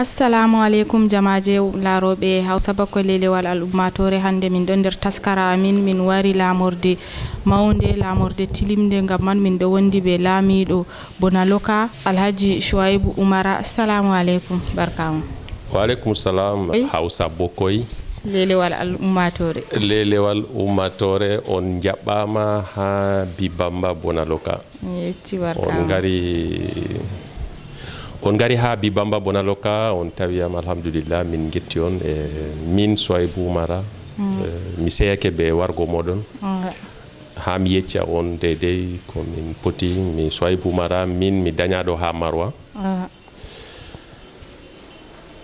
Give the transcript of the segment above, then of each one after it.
assalamu aleykum jamaje laroɓe hawsa bakko lelewal ummatore hande min ɗo nder taskara amin min wari lamorde mawde lamorde tilimde gam man min ɗo wondi ɓe laamiɗo bonaloka alhaji choaibu oumara assalamu aleykum wa waaleykum salam hawsa bokoy lelewal ummatore lelewal ummatore on jaɓɓama ha bibamba bonaloka yettiwar on gari on gari ha bibamba bonalo ka on tawiyam alhamdulillah min getti eh, mm. eh, mm. on e min soyebou mara mi seyake ɓe wargo moɗon ha mi yecca on ko min poti mi soyebou mara min mi dañaɗo ha marwa mm.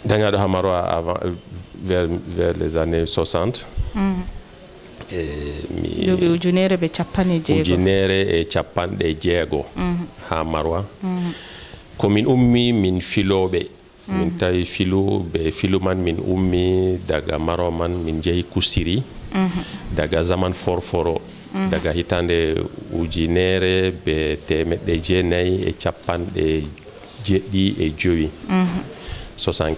dañaɗo ha marwa avant eh, vers, vers les années 60 duuɓi ujunere be chapane jego. ujunere e capanɗe jeego ha marwa mm -hmm. komin ummi min filoɓe min mm. tawi filu be filu man min ummi daga maro man min jeehi kusiri mhm. daga zaman forforo mm. daga hitande ujinere be temeɗɗe jeenayyi e capanɗe jeɗɗi e jowi 75 mhm.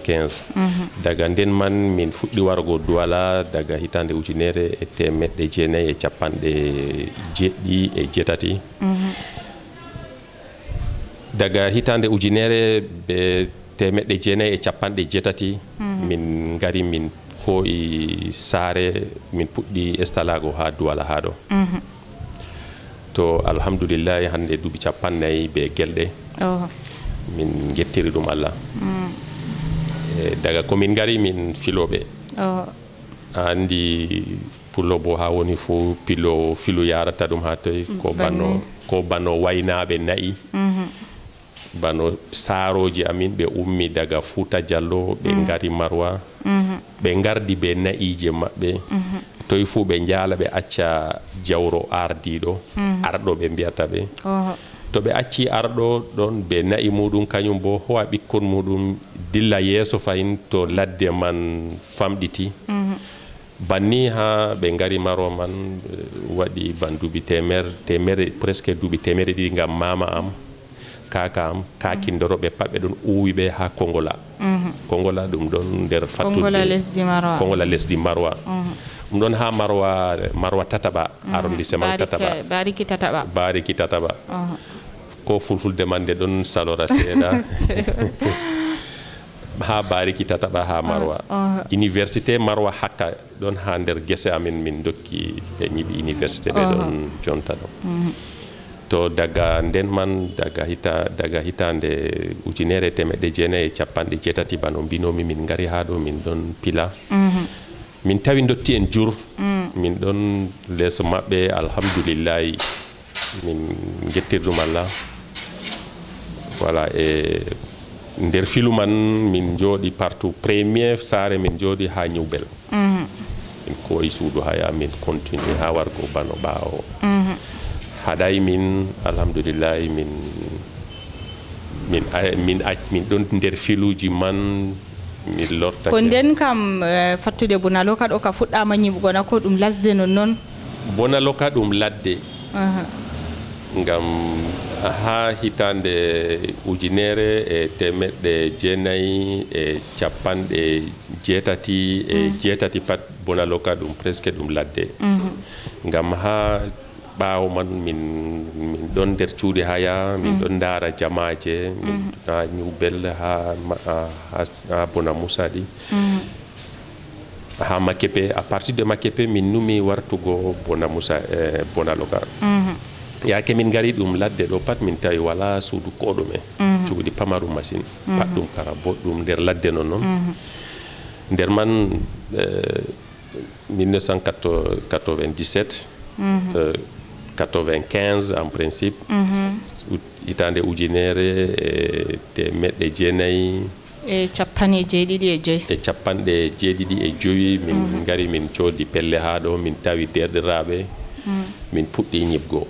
mhm. daga nden man min fuɗɗi wargo duwala daga hitande ujunere e temeɗɗe jeenayyi e capanɗe jeɗɗi e jeetati daga hitande ujunere ɓe temeɗɗe jeenayi e capanɗe jeetati mhm. min gari min hoyi saare min puɗɗi stalago ha duwala ha ɗo mhm. to alhamdoulillahi hande duuɓi capannayyi be gueɗe min guettiri ɗum allah mm. e daga komin gari min filoɓe andi pullo bo ha woni fo pilo filu yarata ɗum ha toyi mm, ko banno ko banno waynaɓe nayi mm -hmm. bano saroji amin ɓe ummi daga fouta diallo ɓe mm. gari marwa mm-hmm. ɓe mm -hmm. gardi ɓe naiji maɓɓe mm -hmm. toye fuu ɓe jaala ɓe acca jawro ardiɗo mm -hmm. arɗo ɓe mbiyata ɓe uh -huh. to ɓe acci arɗo ɗon ɓe nai muɗum kañum bo howa ɓikkon muɗum dilla yeeso fayin to ladde man famɗiti mm -hmm. banni ha ɓe gari marwa man waɗi ban duuɓi temer temere presque duuɓi temere ɗiɗi gam mama am mm -hmm. kakam kakindoroɓe pat ɓe ɗon uwiɓe ha kongola mhm. kongola ɗum ɗon nder fatkongola lesdi marwa mhm. ɗum ɗon ha marwa marwa tataɓa mhm. arrondissement tataɓa bariki tataɓa ko fulfulde mande ɗon salora seeɗa ha bariki tataɓa ha marwa université marwa hakka ɗon ha nder guese amin min dokki ɓe ñiɓi université ɓe ɗon jonta ɗon to daga ndenman daga hita daga hitande ujunere temeɗe jeena e capanɗe jeetati bano mbinomi min gari ha ɗo min ɗon pila mm -hmm. min tawi dotti en jur mm -hmm. min ɗon leeso maɓɓe alhamdoulillahi min gettirɗum allah voilà e nder filu man min jooɗi partout premier saare min jooɗi ha ñiwbel mm -hmm. min kooyi suudu haya min continue ha wargo bano ɓaawo mm -hmm. haɗay min alhamdulillahi min min min min ɗon nder filuji man min lorta ko nden kam eh, fattude ka ɗo ka fuɗɗama ñiɓugona ko ɗum lasde non noon ka ɗum ladde ngam ha hitande ujunere e temeɗɗe jeenayi e capanɗe jeetati e mm. jeetati pat ka ɗum presque ɗum ladde mhm. ngam ha bawo man min min don der haya min mm-hmm. don dara jamaaje min mm-hmm. ha ha ha bona musadi di mm-hmm. ha makepe A partir de makepe min numi wartugo bona musa eh, bona Ya yaake min garid dum ladde do pat min tawi wala suudu ko ɗume cuuɗi pamarum masine pat dum kara boɗɗum der ladde non non der man 1997 eh, 95 en principe mhm. hitande ujunere e temeɗɗe jeenayyi e capanɗe jeeɗiɗi e joyi e capanɗe jeeɗiɗi e joyi min mhm. gari min coodi pelle haa ɗo min tawi derɗiraaɓe mhm. min puɗɗi ñiɓgoo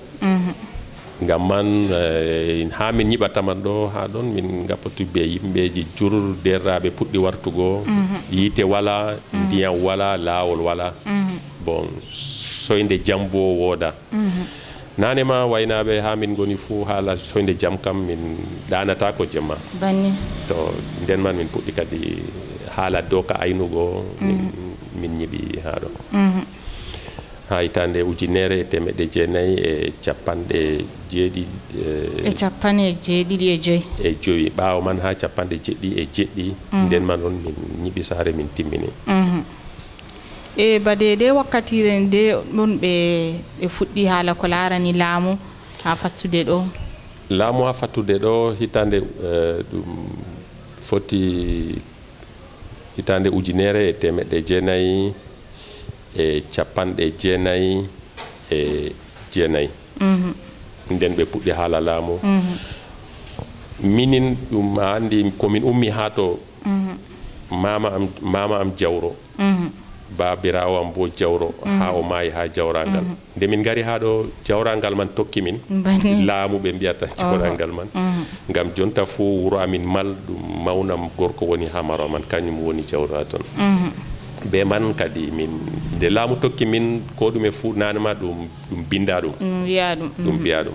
ngam man eh, haa min ñiɓataman ɗo haa ɗon min gapotuɓe yimɓeeji jur derɗiraaɓe puɗɗi wartugo yiite wala ndiyam wala laawol wala bon soyde jam bo wooda mhm. nanema waynaɓe ha min goni fou haala soyde jam kam min ɗanata ko jemma banni to nden man min puɗɗi kadi haala doka aynugo min ñiɓi mhm. haɗo ha mhm. hitande ujunere e temeɗe jeenayyi e capanɗe jeeɗiɗie e capanɗe jeeɗiɗi e joyyi e joyyi ɓawo man ha capanɗe jeɗɗi e jeɗɗi nden man on min ñiɓi saare min timmini e badede wakkatire nde ɗon ɓe ɓe fuɗɗi haala ko larani laamu ha fattude ɗo laamu ha fattude ɗo hitande e, ɗum foti hitande ujunere e temeɗɗe jeenayyi e capanɗe jeenayyi e jeenayyi mhm. nden ɓe puɗɗi haala laamu mhm. minin ɗum a anndi komin ummi haa to mhm. mama am mama am jawro mm -hmm. babirawo am bo jawro mm-hmm. ha o maayi ha jawrangal mm-hmm. nde min gari ha ɗo jawrangal man tokki min laamuɓe mbiyata jawrangal man mm-hmm. ngam jonta fo wuro amin mal ɗum mawnam gorko woni ha maro man kañum woni jawra toon be man kadi min nde laamu tokki min ko e fuu nanema ɗum ɗum binda ɗum mm, ɗum ɗum mbiya ɗum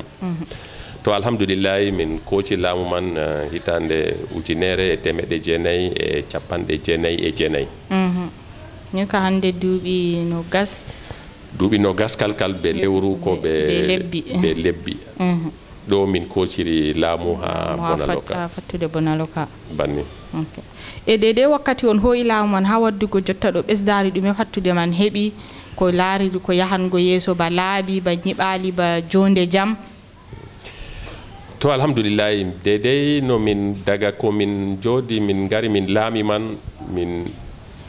to alhamdulillahi min kooci laamu man eh, hitande ujunere e temeɗe jeenayyi e capanɗe jeenayyi e jeenayyi ñuka hannde duuɓi no gas duuɓi no gaskal kal ɓe lewru ko ɓe lebbi ɓe lebbi mhm. ɗo min kociri laamu ha bonaloka fattude bonaloka banni e de de wakkati on hoyi laamu man ha waddugo jotta ɗo ɓesdari ɗume fattude man heeɓi ko laari ko yahango yeeso ba laaɓi ba ñiɓaali ba jonde jaam to alhamdoulillahi dedey no min daga komin jooɗi min ngari min laami man min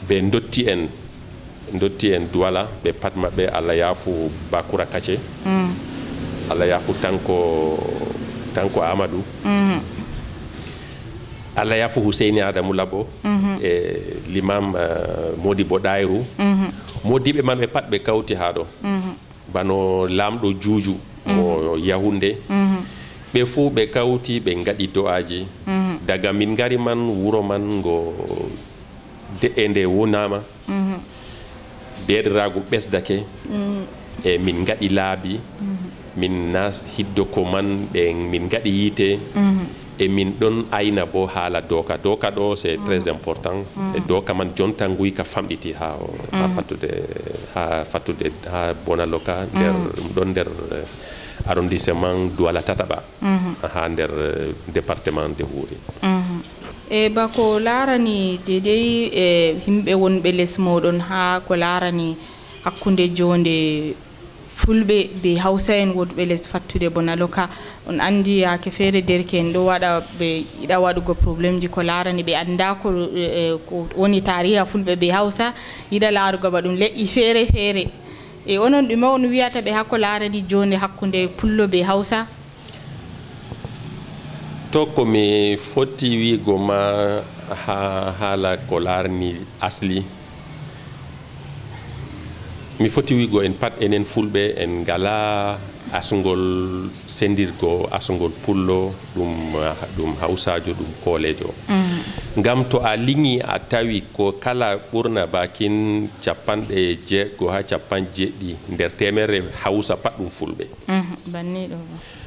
ɓe dotti en dotti en duwala ɓe pat maɓɓe allah yaafu bakoura kathie mm. allah yaafu tanko tanko amadou mm -hmm. allah yaafu houseyni adamou labo mm -hmm. e l'imam uh, modi bo ɗayru mm -hmm. modiɓe maɓɓe pat ɓe kawti ha ɗo mm -hmm. bano lamɗo juuju mm -hmm. o mm-hmm. yahunde mm -hmm. ɓe fuu ɓe kawti ɓe gaɗi do'aji mm -hmm. daga min gari man wuuro man ngo de'e nde wonama beeɗiragu mhm. ɓesdake mhm. e min gaɗi laabi mhm. min nas hiddo ko man ɓe min gaɗi yiite e min ɗon ayna bo haala doka doka ɗo c' est très important e doka man jonta guyka famɗiti ha ha fattude ha fattude ha bona loka nder ɗon nder arrondissement douala tataɓa ha nder eh, département de huuri e bako larani dedei e himɓe wonɓe les moɗon ha ko larani hakkude jonde fulɓe be hausa'en wonɓe les fattude bonaloka on andi yake feere derke en ɗo waɗa ɓe yiɗa waɗugo probléme ji ko larani ɓe anda e, ko woni tariha fulɓe be hausa yiɗa larugo ba ɗum leƴƴi feere feere e onon ɗume on wiyata ɓe hakko larani jonde hakkude pullo be hausa to komi foti wiigo ma ha haala ko laarni asli mi foti wiigo en pat enen fulɓe en ngala asngol sendirgo asngol pullo ɗum ɗum hawsajo ɗum koolejo mm. ngam to a liŋi a tawi ko kala ɓurna bakin capanɗe jeego ha capan jeeɗɗi nder temere hawsa pat ɗum fulɓe banniɗo mm -hmm.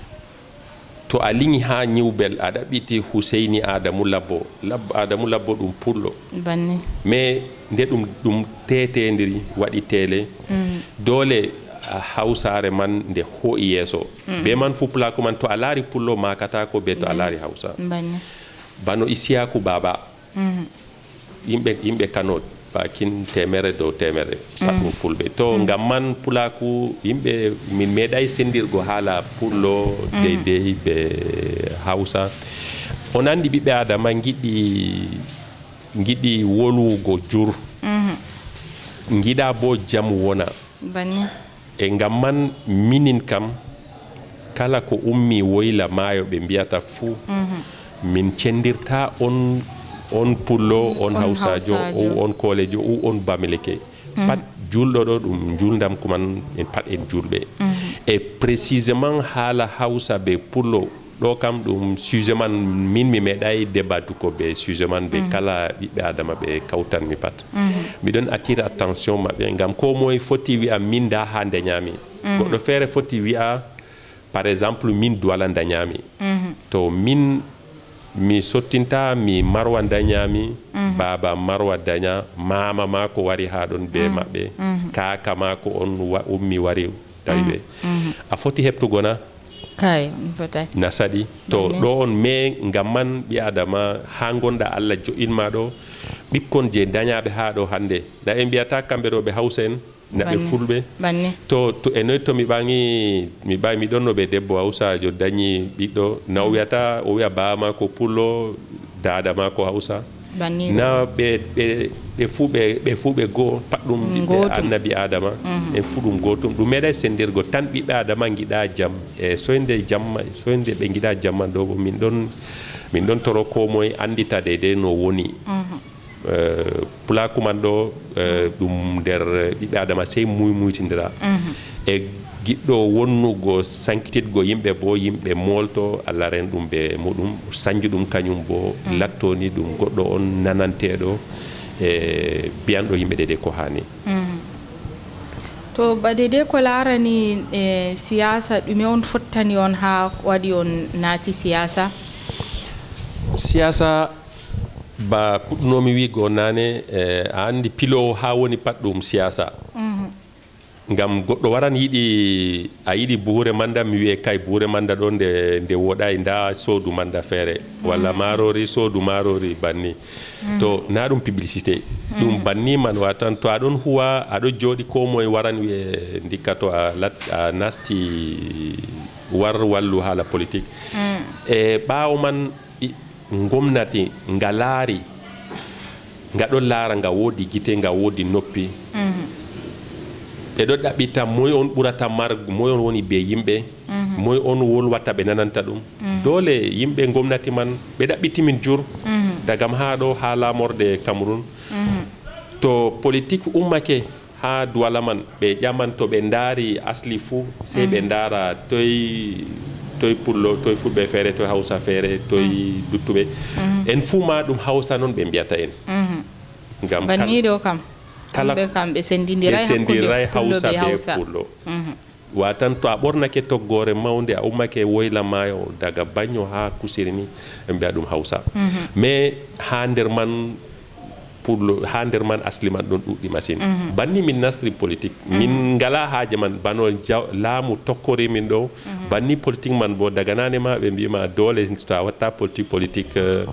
to a liŋi ha ñiwbel aɗa ɓiti huseini adamu labbo Lab, adamu labbo ɗum pullo banni mais nde ɗum ɗum tetediri waɗi tele mm. doole hawsare man nde ho'i yeeso mm. be man fu pulako man to a laari pullo makatako be to a laari hawsa bano isiyaku baba mm. yimɓe yimɓe kanot bakin temere dow temere pat mm. fulɓe to mm. ngam man pulaku yimɓe min meeɗay sendirgo haala pullo mm. deydey ɓe hawsa on andi ɓiɓɓe adama giɗi giɗi wolwugo jur mm -hmm. giɗa bo jam wona Bani. e ngam man minin kam kala ko ummi woyla mayo ɓe mbiyata fuu mm -hmm. min cendirta on on pullo mm. on hawsajo o on koolejo o on bamileke mm. pat julɗo ɗo ɗum juldam kuman en pat en julɓe mm-hmm. e précisément haala hawsa be pullo ɗo kam ɗum sujet man min mi meeɗay débattu ko ɓe sujet man ɓe mm-hmm. kala ɓiɓɓe adama ɓe kawtanmi pat mm-hmm. miɗon attire attention maɓɓe ngam ko moye foti wi'a min da ha dañami goɗɗo feere foti wi'a par exemple min dowala dañami to min mi sottinta mi marwa dañami mhm. baba marwa daña mama mako wari ha ɗon be mhm. maɓɓe mhm. kaka mako on ummi wari tawiɓe a foti heɓtugona kay nasaɗi to ɗo on mais ngam man ɓi adama ha gonɗa allah joinma ɗo ɓikkon je dañaɓe ha ɗo hande na en mbiyata kamɓe ɗo ɓe hawsa en neɗɓe fulɓe to to e noyi to mi ɓaŋi mi ɓawi no ɓe debbo jo dañi ɓiɗɗo na o wiyata o wiya baa ma ko pullo dada ma ko hawsa na ɓe ɓe fuu ɓe fuu ɓe goo pat ɗum ɓiɓɓe annabi adama mhm. en fu ɗum gotum ɗum meɗa sendirgo tan ɓiɓɓe adama giɗa jam e soyde jamma soyde ɓe giɗa jamma ɗo bo min ɗon min ɗon toro ko moye andita deydey no woni mhm. Eh, plakuman ɗo ɗum eh, nder ɓiɓɓe adama sey muymuytidira mhm. e giɗɗo wonnugo sankititgo yimɓe bo yimɓe molto allah ren ɗum be muɗum sañju ɗum kañum bo mm. lattoni ɗum goɗɗo on nananteɗo e biyanɗo yimɓe de ko hani mhm. to ba ko larani e siyasa ɗume on fottani on ha waɗi on naati siyasa siyasa ba puɗɗunomi wigo nane a eh, andi pilowo ha woni pat ɗum siyasa mm-hmm. ngam goɗɗo waran yiɗi a yiɗi buure manda mi wiye kay buure manda ɗo nde nde woɗayi nda soodu manda feere mm-hmm. walla marori soodu marori banni mm-hmm. to na ɗum publicité ɗum banni man watan to aɗon huwa aɗo jooɗi ko moye waran wiye ndikka to a nasti war wallu haala politique mm. e ɓaawo man ngomnati nga laari nga laara nga woodi gite nga woodi noppi mhm. ɓe ɗo ɗaɓɓita moy on ɓurata margu moy on woni be yimɓe mhm. moy on wolwata ɓe nananta ɗum mhm. dole yimɓe gomnati man ɓe ɗaɓɓitimin jur dagam ha ɗo ha laamorde cameron to politique ummake ha duwala man ɓe ƴaman to ɓe ndaari asli fuu sey ɓe ndaara toy toy pullo toy fulɓe feere toy hawsa feere toy mm. duttuɓe mm-hmm. en fuu ma ɗum hawsa noon ɓe mbiyata en mm-hmm. ngam banniɗo kam kala kam ɓe sendidira sendira hawsa ɓe pullo mm-hmm. watan to a ɓornake toggore mawde a ummake woyla maayo daga bagno ha kusiri ni ɓe mbiya ɗum hawsa mais ha nder man pour ha nder man asliman ɗon ɗuɗɗi machine mm -hmm. banni min nastri politique mm -hmm. min ngala haaje man bano laamu tokkori min ɗo mm -hmm. banni politique man bo daga nane ma ɓe mbima doole so a watta politique politique euh,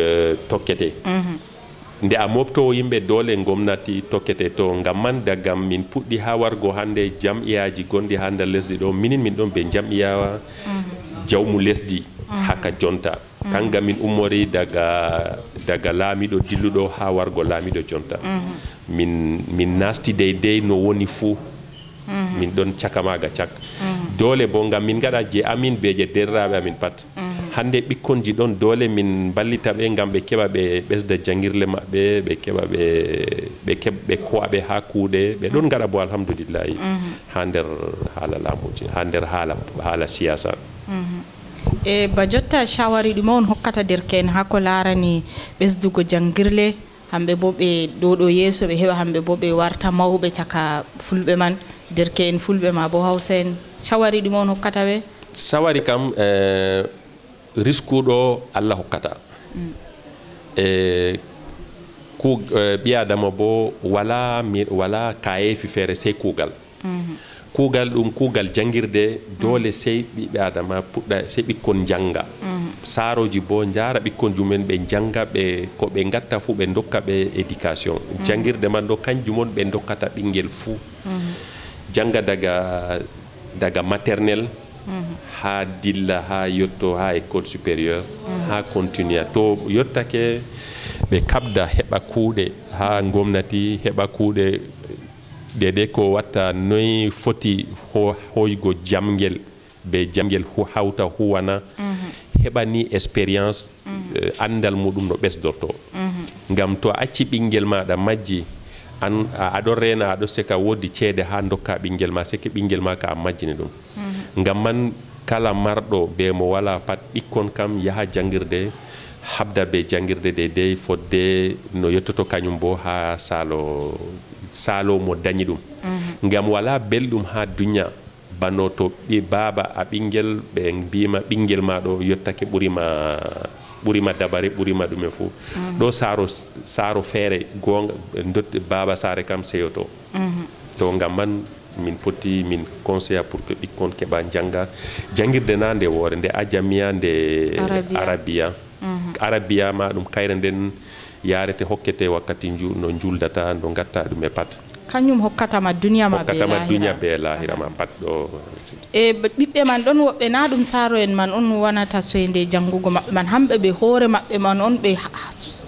euh, tokkete mm -hmm. nde a moftowo yimɓe doole gomnati tokkete to ngam man dagam min puɗɗi ha wargo hande jam iyaji gonɗi ha nder lesdi ɗo minin min ɗon ɓe jam iyawa mm -hmm. jawmu lesdi mm -hmm. haka jonta mm -hmm. kanga min ummori daga daga laamiɗo dilluɗo ha wargo laamiɗo jonta mhm. min min nasti dey dey no woni fou mhm. min ɗon cakamaga cak mhm. doole bo gam min gaɗa je amin beje derraɓe amin pat hande ɓikkonji ɗon doole min ballita ɓe gam ɓe keɓa ɓe ɓesda jangirle maɓɓe ɓe keɓa ɓe ɓe kowaɓe ha kuuɗe ɓe ɗon gaɗa bo alhamdoulillahi ha nder haala laamuji ha nder haala haala siyasa mm -hmm. e ba jotta shawari ɗuma on hokkata derke'en ha ko larani ɓesdugo jangirle hamɓe bo ɓe ɗoɗo yeeso ɓe heɓa hamɓe bo ɓe warta mawɓe caka fulɓe man derke'en fulɓe ma bo hawsa en shawari ɗuma on hokkata ɓe sawari kam e, riskuɗo allah hokkata mm. e ku e, ɓiyadama bo wala wala kayefi feere sey kuugal mm -hmm. kuugal ɗum kuugal jangirde doole sey ɓiɓe adama puɗɗa sey ɓikkon janga mhm. saroji bo jara ɓikkon jumumen ɓe janga ɓe ko ɓe gatta fuu ɓe dokka ɓe éducation mhm. jangirde man ɗo kanjum on ɓe dokkata ɓinguel fuu mhm. janga daga daga maternel ha dilla ha yetto ha école supérieur ha continua to yettake ɓe kabda heɓa kuuɗe ha gomnati heɓa kuuɗe deɗe ko watta noyi foti ho hoygo jamguel be jamguel ho hawta huwana mhm. heɓani expérience mhm. eh, andal muɗum no ɓesdorto mhm. ngam to a acci ɓinguel maɗa majji an aɗon rena aɗo sika woodi ceede ha dokka ɓinguel ma sike ɓinguel ma ka a majjini ɗum ngam man kala marɗo be mo wala pat ɓikkon kam yaha jangirde habda be jangirde de dey fodde no yettoto kañum bo ha salo salo mo dañi ɗum mhm. ngam wala belɗum ha duña banno to ɓi baba a ɓinguel ɓe mbima ɓinguel maɗo yettake ɓuurima ɓuurima dabare ɓuurima ɗume fo mhm. ɗo saro saro feere gonga dotti baba sare kam seyoto mhm. to ngam man min poti min conseilla pour que ɓikkon keɓa janga jangirde na nde woore nde ajamiya nde arabia arabia ma ɗum kayre nden mm -hmm. yarete hokkete wakkati ju no juldata no gatta ɗum e pat kañum hokkatama duniya ma hokkatama duniya be lahira ma pat ɗo e ɓiɓɓe man ɗon woɓɓe na ɗum saro en man on wonata soyde janngugo maɓɓe man hamɓe ɓe hoore maɓɓe man on ɓe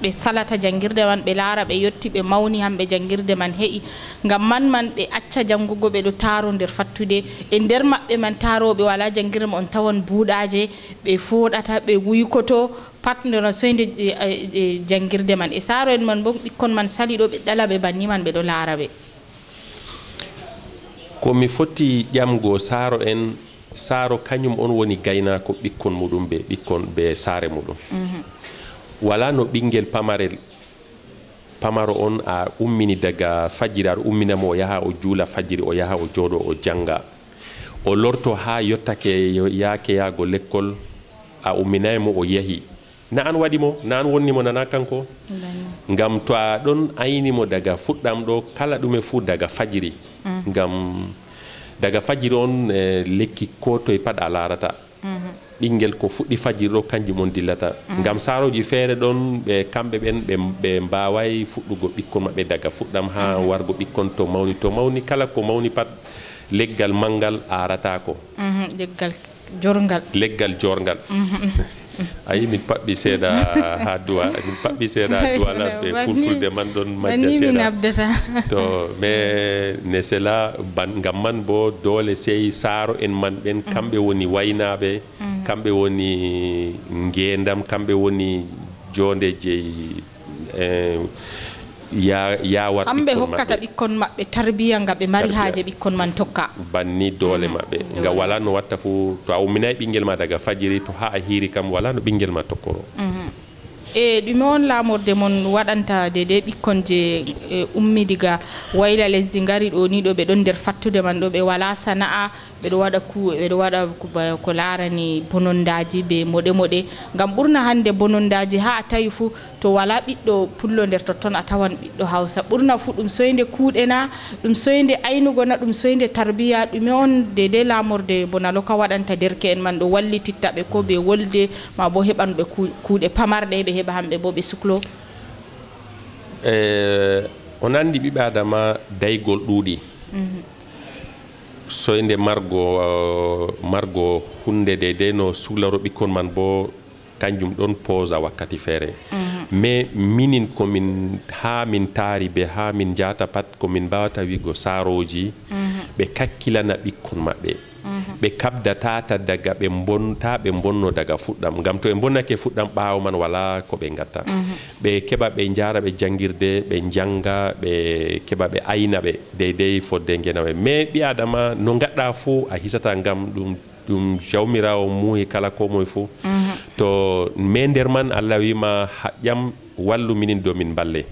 ɓe salata jangirde man ɓe laara ɓe yetti ɓe mawni han ɓe jangirde man heƴi ngam man man ɓe acca jangugo ɓe ɗo taaro nder fattude e nder maɓɓe man taarooɓe walaa jangirde ma on tawan buuɗaaje ɓe fooɗata ɓe wuykoto pat ndeno soyde e, e, e jangirde man e saaro en man bo ɓikkon man sali ɗo ɓe ɗala ɓe banni man ɓe ɗo laara ɓe ko mi foti ƴamgo saaro en saaro kañum on woni gaynaako ɓikkon muɗum ɓe ɓikkon ɓe saare muɗum mm -hmm. wala no ɓingel pamarel pamaro on a ummini daga fajiri aɗa umminamo o yaha o juula fajiri o yaha o jooɗo o janga o lorto ha yottake yaake yaago lekkol a umminaymo o yehi na an waɗimo na an wonnimo nana kanko ngam to a ɗon aynimo daga fuɗɗam ɗo kala ɗume fuu daga fajiri mm. ngam daga fajiri on eh, lekki ko toye pat a larata ɓinguel ko fuɗɗi fajiri ɗo kanji mon dillata mm. gam saroji feere ɗon ɓe kamɓe ɓen ɓe mbaway fuɗɗugo ɓikkon maɓɓe daga fuɗɗam ha mm-hmm. wargo ɓikkon to mawni to mawni kala ko mawni pat leggal manngal aratako mm-hmm. jorgal leggal jorgal mm-hmm. ayi min paɓɓi seeɗa ha duwa min paɓɓi seeɗa ha duwa laɓɓe fulfulde man ɗon majja seeɗa to mais ne cela ngam man bo doole sey saaro en man ɓen mm. kamɓe woni waynaɓe mm. kamɓe woni ngendam kamɓe woni jonde jeyi eh, ya wat hokkata ɓikkon maɓɓe tarbiya nga ɓe mari haaje ɓikkon man tokka banni doole mm. maɓɓe nga wala no watta fo to a umminayi ɓingel ma daga fajiri to ha a hiiri kam wala no ɓingel ma tokkoro mm-hmm. e ɗume on lamorde mon waɗanta de de ɓikkon je e, ummi diga wayla lesdi gari ɗo ni ɗo ɓe ɗon nder fattude man ɗo ɓe wala sana'a ɓeɗo waɗa ku ɓeɗo waɗa ko larani bonondaji be moɗe moɗe gam ɓurna hande bonondaji ha a tawi fuu to wala ɓiɗɗo pullo nder totton a tawan ɓiɗɗo hausa ɓurna fuu ɗum soyde kuuɗe na ɗum soyde aynugo na ɗum soyde tarbiya ɗume on de de lamorde bonaloka waɗanta derke en man ɗo wallititta ɓe ko ɓe wolde ma bo heɓanɓe kuuɗe pamarɗe ɓe heɓa heɓa hamɓe bo ɓe suklo e o nandi ɓiɓe adama daygol ɗuuɗi mhm. soyde margo uh, margo hunde de de no suhlaro ɓikkon man bo kanjum ɗon posa wakkati feere mhm. mais minin komin haa min taari ɓe haa min jaata pat komin mbawata wiigo saarooji mhm. ɓe kakkilana ɓikkon maɓɓe ɓe mhm. ta daga be bonta be bonno daga fuddam gam to ɓe bonnake fuddam ɓawo man wala ko ɓe gatta be keba mhm. be jara be jangirde ɓe janga aina be ɓe ayna ɓe deydey fodde be mais bi adama no ngadda fu a hisata ngam dum dum jawmirawo muuyi kala ko moye fu mhm. to mais nder man allah wima haƴƴam wallu do min balle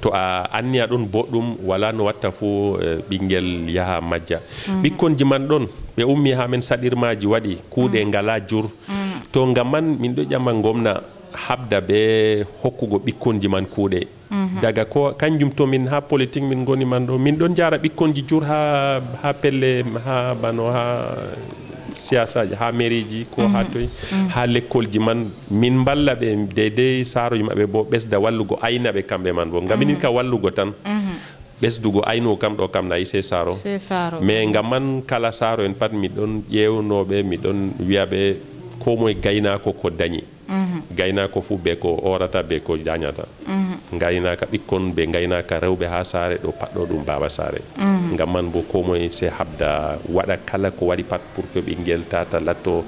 to a anniya ɗon boɗɗum wala no watta fo e, ɓinguel yaha majja mhm. ɓikkonji man ɗon ɓe ummi ha men saɗirmaji waɗi kuuɗe mhm. ngala jur mhm. to ngam man min ɗo ƴama gomna habda be hokkugo ɓikkonji man kuuɗe daga ko kanjum to min ha politique min goni man ɗo min ɗon jara ɓikkonji jur ha ha pelle ha bano ha siyasaji ha mairie ji ko ha mhm. toy mhm. ha l'école ji man min balla ɓe dedei saroji maɓɓe bo ɓesda wallugo ayna ɓe kamɓe man bo gamini mhm. ka wallugo tan ɓesdugo aynu kam ɗo kam nayi se saro mais gam man kala saro en pat miɗon ƴewnoɓe miɗon wiyaɓe ko moye gaynako ko dañi Mhm. gaynako fo ɓe ko orata ɓe ko jañata mhm. gaynaka ɓikkon ɓe gaynaka rewɓe ha saare ɗo patɗo ɗum baba saare mhm. gam man bo komoye se habda waɗa kala ko waɗi pat pour que ɓinguel tata latto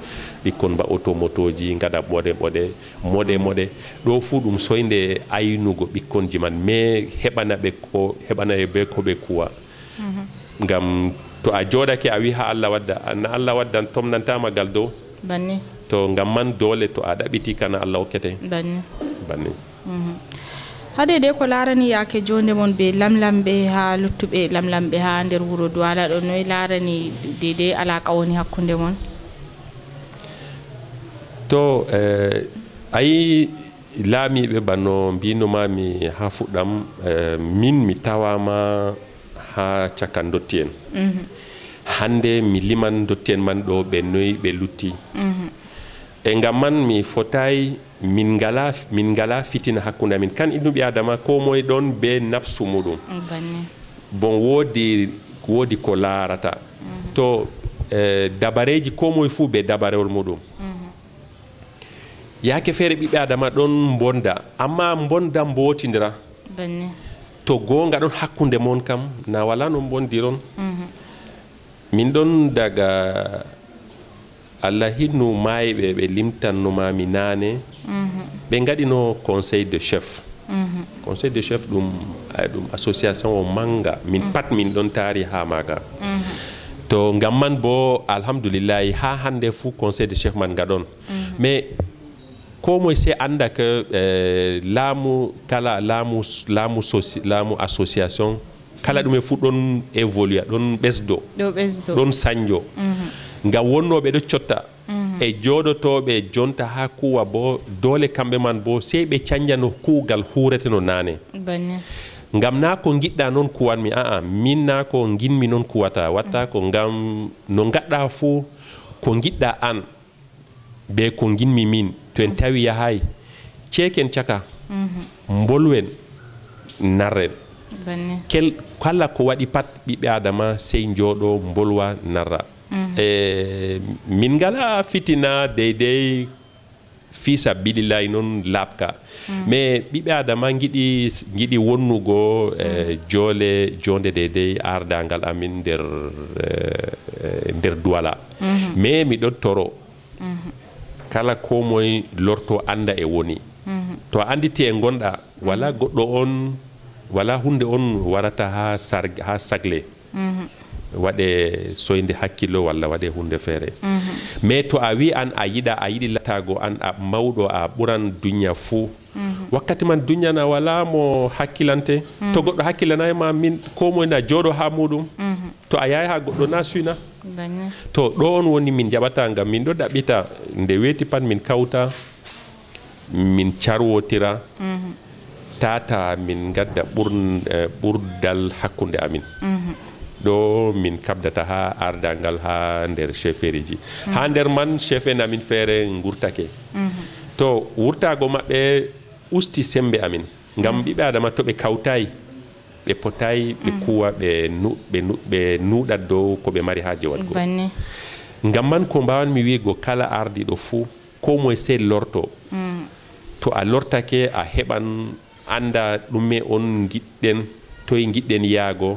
ɓikkon ba automotoji gaɗa ɓoɗe ɓoɗe moɗe moɗe ɗo fu ɗum soyde aynugo ɓikkonji man mais heɓana ɓe ko heɓana e ɓe koɓe kuwa gam to a joɗake a wi ha allah wadda na allah waddan tomnantama gal dow banni to ngam man doole to a ɗaɓiti kana allah hokkete banni banni mhm. hade de ko laarani yaake jonde mon ɓe lamlamɓe ha luttuɓe lamlamɓe ha nder wuro duwala ɗo noye laarani dede alaqa woni hakkunde mon to eh, ayi laamiɓe banno mbinomami ha fuɗɗam eh, min mi tawama ha caka dotti en mhm. hande mi liman dotti en man ɗo ɓe noyi ɓe lutti mm -hmm. e man mi fotayi min ngala min ngala fitina hakkunde amin kan innuɓe adama ko moye ɗon be nafsu muɗum bon woodi woodi ko laarata mhm. to eh, dabareji ko moye fuu be dabarewol muɗum mhm. yaake feere ɓiɓɓe adama ɗon bonda amma bonda mbotidira to goonga ɗon hakkunde mon kam na wala no bondiron mhm. min ɗon daga allah hinnu maayiɓe ɓe minane be ɓe no conseil de chef conseil de chef d'une association o manga min pat min don tari ha maga to gam bo alhamdulillah ha hande fou conseil de chef man gadon mais ko moy se anda ke e, lamu kala lamu lamu lamu association kala dum e fuu don évolue don ɗon ɓesdo ɗon ngam wonnoɓe ɗo cotta mhm. e jooɗotoɓe jonta ha kuwa bo doole kamɓe man bo sey ɓe canja no kuugal hurete no nane ngam na ko giɗɗa noon kuwanmi aa min na ko ginmi noon kuwata watta mm. ko ngam no gaɗɗa fuu ko giɗɗa an be ko ginmi min to en mm. tawi yahay ceken caka mhm. bolwen narren kel kala ko waɗi pat ɓiɓɓe adama sey jooɗo bolwa narra e min ngala fitina deydey fiisa bililay noon laaɓka mais mm. ɓiɓe adama giɗi giɗi wonnugo e mm. joole jonde deydey ardangal amin nder e, e nder duwala mais mm-hmm. miɗo toro mm-hmm. kala ko moye lorto anda e woni mm-hmm. to a anditi e gonɗa wala goɗɗo on wala hunde on warata ha sarg ha sagle mm -hmm. waɗe soyde hakkillo walla waɗe hunde feere mhm. mais to a wi an a yiɗa a yiɗi latago an a mawɗo a ɓuran mm -hmm. wakkati man duniya na wala mo hakkilante to mhm. goɗɗo hakkilanay ma min ko moye na jooɗo ha muɗum mhm. to a yahi ha goɗɗo na suina to ɗo on woni min jaɓata ngam min ɗo ɗaɓɓita nde weeti pat min kawta min carwotira tata min gadda eh, ɓurdal hakkunde amin ɗo min kabdata ha ardangal ha nder cheferi ji mm-hmm. ha nder man chef en amin feere gurtake mm-hmm. to wurtago maɓɓe usti sembe amin ngam mm-hmm. ɓiɓɓe adama to ɓe kawtayi ɓe potayi ɓe kuwa ɓɓe nuuɗat dow ko ɓe mari haaje waɗgo ngam man ko mbawan mi wiigo kala ardiɗo fuu ko moye se lorto mm. to a lortake a heɓan anda ɗume on giɗɗen toye giɗɗen yaago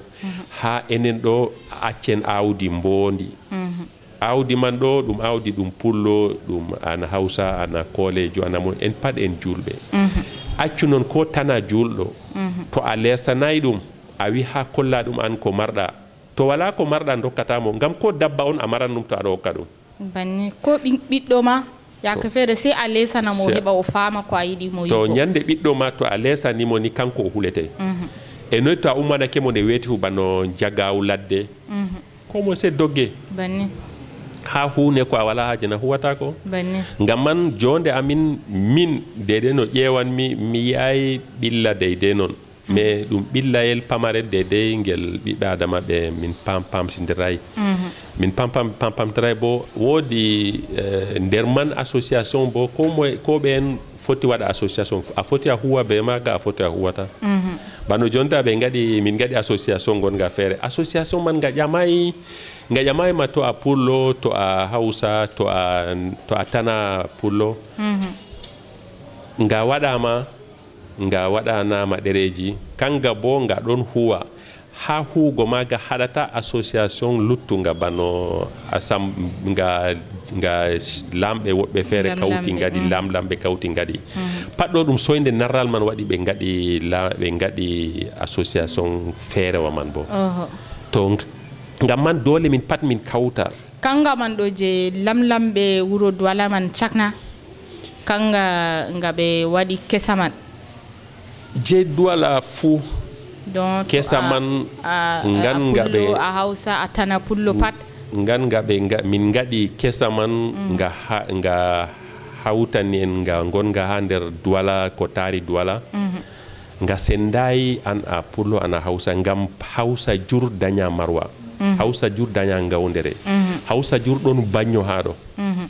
ha enen ɗo accen awdi mbondi mhm. awdi man ɗo ɗum awdi ɗum pullo ɗum ana hausa ana koolejo ana mon en pat en julɓe mhm. accu noon ko tana julɗo mhm. to a lesanayi ɗum a wi ha kolla ɗum an ko marɗa to wala ko marɗa dokkatamo gam ko dabba on a maran ɗum to aɗa hokka ɗum banni ko ɓiɗɗo ma yaka feere sey a lesanamo heɓa o faama ko a yiɗi mo to ñande ɓiɗɗo ma to a lesanimo ni kanko o hulete mm -hmm e noy to a ummanake mhm. mo nde weti fu bano jagaw ladde mm -hmm. komo se dogge banni ha hunde ko a wala haje na huwata ko ngam man jonde amin min dede no ƴewanmi mi yayi ɓilla deyde noon mais ɗum ɓillayel pamare de dey ngel ɓiɓɓe adama ɓe min pampamtidiray mhm. min pampam pampamtiray bo woodi eh, nder man association bo ko moye ko ɓeen foti waɗa association a foti a huwa be maga a foti a huwata mhm. bano jonta ɓe gaɗi min gaɗi association gonga feere association man gaƴamayi gaƴamayi ma to a pullo to a hausa to a to a tana pullo mhm. nga waɗama nga waɗanama ɗereji kanga bo nga don huwa ha goma ga haɗata association luttuga bano assam nga nga lamɓe woɓɓe feere lam gaɗi eh. lamlamɓe kawti gaɗi hmm. patɗo ɗum soyde naral man waɗi di gaɗi ɓe di association feerewa man bo tong ngam man dole min pat min kauta kanga man ɗo je lamlamɓe wuro duwala man cakna kanga nga be wadi kesa dua la fu kesaman ganga ɓe a hausa a tana pullo pat ganga ɓe min gaɗi kesa man mm. nga ha, nga hawtani en nga gonga ha nder duwala ko taari duwala mm nga sendai an a pullo ana hausa ngam hausa jur danya marwa mm -hmm. hausa jur daña ngawdere mm hausa jur ɗon banyo ha mm -hmm.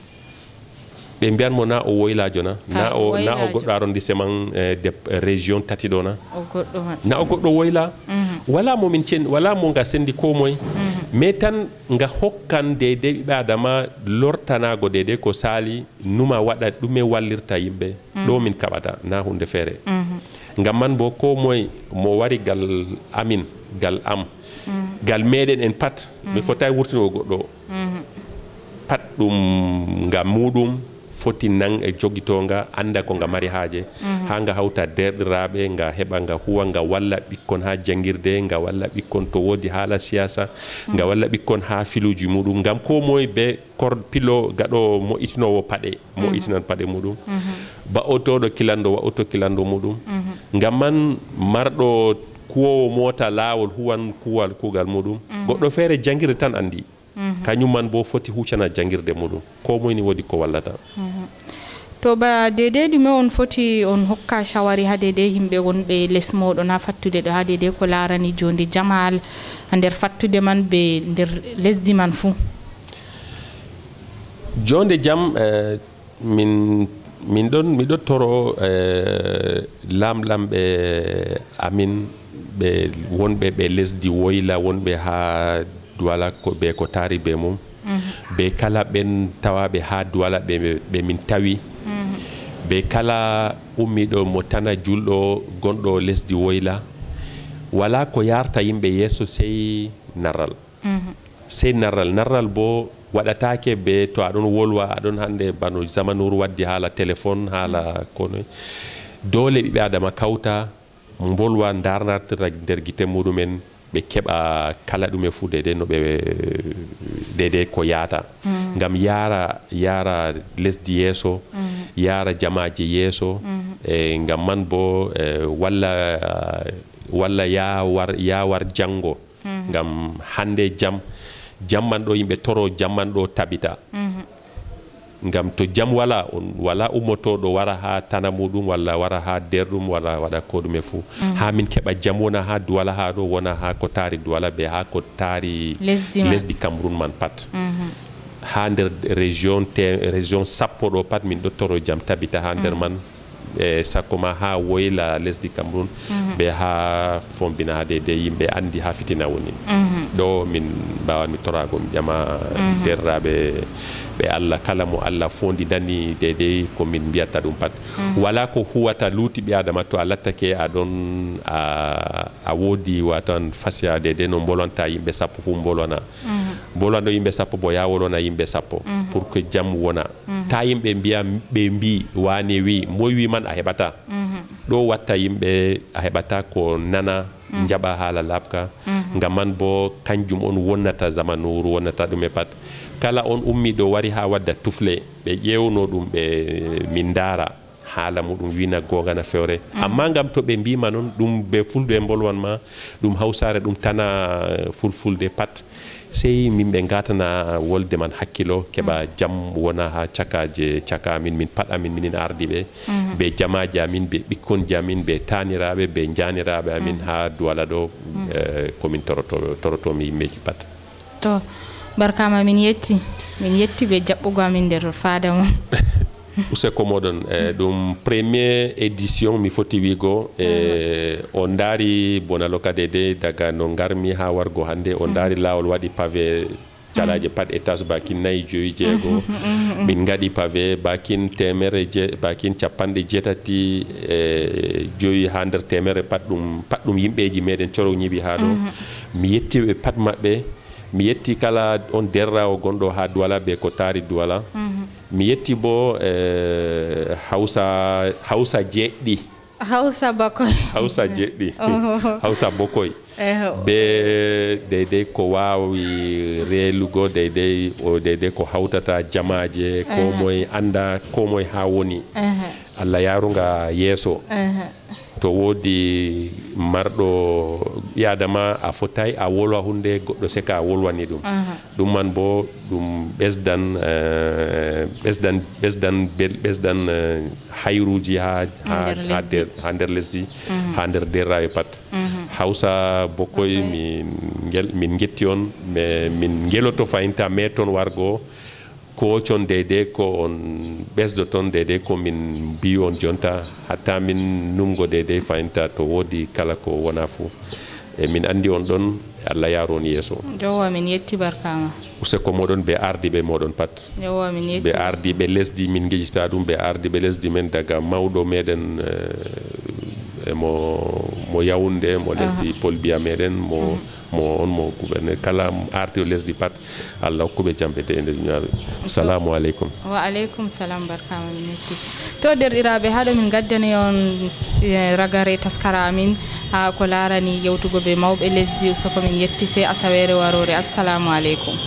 ɓe mbiyan mo na o woylajo na na o na o goɗɗo aronde seman e, de e, région tati ɗo na na o goɗɗo woyla mhm. wala momin cen wala mo nga sendi ko moye mhm. mais tan nga hokkan dede ɓiɓe adama lortanago dede ko sali numa waɗa ɗume wallirta yimɓe mhm. ɗo min kaɓata na hunde feere ngam man bo ko moye mo wari gal amin gal am gal meɗen en pat mi fotai wurtinogo goɗɗo pat ɗum nga muɗum foti nan e jogitonga anda ko nga mari haaje mm -hmm. ha nga hawta derɗiraɓe nga heɓa nga huwa nga walla ɓikkon ha jangirde nga walla ɓikkon to wodi haala siyasa mm -hmm. nga walla ɓikkon ha filuji muɗum ngam ko moye be kor pillo gaɗo moƴitinowo paɗe mhm. moƴitinan mm -hmm. paɗe muɗum mm -hmm. ba'otoɗo kilanɗo wa'oto kilanɗo muɗum mm -hmm. ngam man marɗo kuwowo mota lawol huwan kuwal kugal muɗum mm -hmm. goɗɗo feere jangirde tan andi kañum man bo foti huccana jangirde muɗum ko moyni wodi ko wallata mhm. to ba dede ɗume on foti on hokka sawari ha dede yimɓe wonɓe les moɗon ha fattude ɗo ha dede ko larani jondi jamal a nder fattude man ɓe nder lesdi man fuu jonde jam eh, min min ɗon miɗo toro eh, lamlamɓe eh, amin ɓe wonɓe ɓe lesdi woyla wonɓe ha Mhm. duwala ɓe ko tari ɓe mum ɓe kala ɓen tawaɓe ha duwala ɓe min tawi ɓe mhm. kala ummiɗo mo tana julɗo gonɗo lesdi woyla wala ko yarta yimɓe yesso sey narral mhm. sey narral narral bo waɗatake ɓe to aɗon wolwa aɗon hande bano zamanuru waddi haala téléphone haala konoy dole ɓiɓe adama kawta bolwa darnartira nder guite muɗumen ɓe keɓa kala ɗume fuu dede no ɓe dede ko yaata mm. ngam yara yara lesdi yeeso mm. yara jamaji yeeso mm. e ngam man bo e walla walla yawar yawar jango ngam hande jam jamman ɗo yimɓe toro jamman ɗo tabita ngam to jam wala on wala ummotoɗo wara ha tana muɗum walla wara ha derɗum wala waɗa ko ɗume -hmm. ha min keɓa jam wona ha duwala ha ɗo wona ha ko taari duwala ɓe ha ko taari lesdi cameroun man pat mhm. ha nder région te région sappo ɗo pat min ɗo toro jam tabita ha nder mm. man e sakko ma ha woyla lesdi -hmm. ɓe ha fombina ha dede yimɓe andi ha fitina woni mhm. ɗo min mbawan mi torago mi ƴama mhm. derraɓe ɓe allah kala mo allah fondidani deydey komin mbiyatta ɗum pat mhm. wala ko huwata luuti ɓe adama to a lattake aɗon a, a woodi watan fasiya dede no bolonta yimɓe sappo fof bolona mhm. bolwanɗo yimɓe sappo bo ya wolona yimɓe sappo mhm. pour que jam wona ta yimɓe mbiya ɓe mbi wani wi moy wiman a heɓata ɗo watta yimɓe a heɓata ko nana Mm. jaɓa haala laɓka mm-hmm. ngam man bo kanjum on wonnata zamanuru wonnata ɗum e pat kala on ummiɗo wari ha wadda tufle ɓe ƴewno ɗum ɓe min dara haala muɗum wina gogana fewre mm. amma gam to ɓe mbima noon ɗum ɓe fulde e bolwan ma ɗum hawsare ɗum tana fulfulde pat sey min ɓe gatana wolde man hakkilo keɓa mm. jam wona ha cakaje caka min min pat amin minin ardiɓe mm-hmm. be jamaji amin be ɓikkonji amin be taniraɓe be janiraɓe mm. amin ha duwala ɗo mm. eh, komin torotomi yimɓeji pat to barkama min yetti min yetti ɓe jaɓɓugo amin nder fada mum useko moɗon e ɗum premier édition mi foti wiigo e ah. o daari bonalo kadi de daga no garmi ha wargo hannde o mm. daari laawol waɗi pavé calaje mm. pat étage bakin nayi joyi jeego mm, min gaɗi pavé bakin temere je bakin capanɗe jeetati e joyi ha nder temere pat ɗum pat ɗum yimɓeji meɗen coro ñiɓi ha ɗo mi yettiɓe pat maɓɓe mi yetti kala on derrawo gonɗo ha duwala be ko taari duwala mm -hmm. mi yetti bo e, hausa hausa jeɗɗi hausa bakoy hausa jeɗɗi oh. hausa bokoy be deydey ko wawi relugo deydey o deydey ko hawtata jamaje komoye anda komoye ha woni uh -huh. allah yarunga yeeso to woodi marɗo yadama a fotay a wolwa hunde goɗɗo seka a wolwani ɗum ɗum man bo ɗum ɓesdan eh, ɓesdan ɓesdan ɓesdan eh, hayruji ha ha nder lesdi ha nder derraɓe pat hawsa bokoy min min getti on min geloto fayinta meton wargo ko occon deyde ko on ɓesdo ton deyde komin mbi on jonta hatta min numgo deyde fayinta to woodi kala ko wona fo e min andi on ɗon allah yaaru on yesso jowa min yetti barkama useko moɗon ɓe ardiɓe moɗon pat jowa min yetti ɓe ardiɓe lesdi min gijita ɗum ɓe ardiɓe lesdi men daga mawɗo meɗen eh, e mo mo yawnde mo lesdi uh -huh. polbiya meɗen mo uh mhm. -huh. mo on mo gouverneur kala arti o lesdi pat allah hokkuɓe jambede e nder ñaaru salamu aleykum wa aleykum salam barkama mi metti to derɗiraɓe haɗo min gaddani on e, ragare taskara amin ha ko larani yewtugo ɓe mawɓe lesdi sokomin yetti se asawere warore assalamu aleykum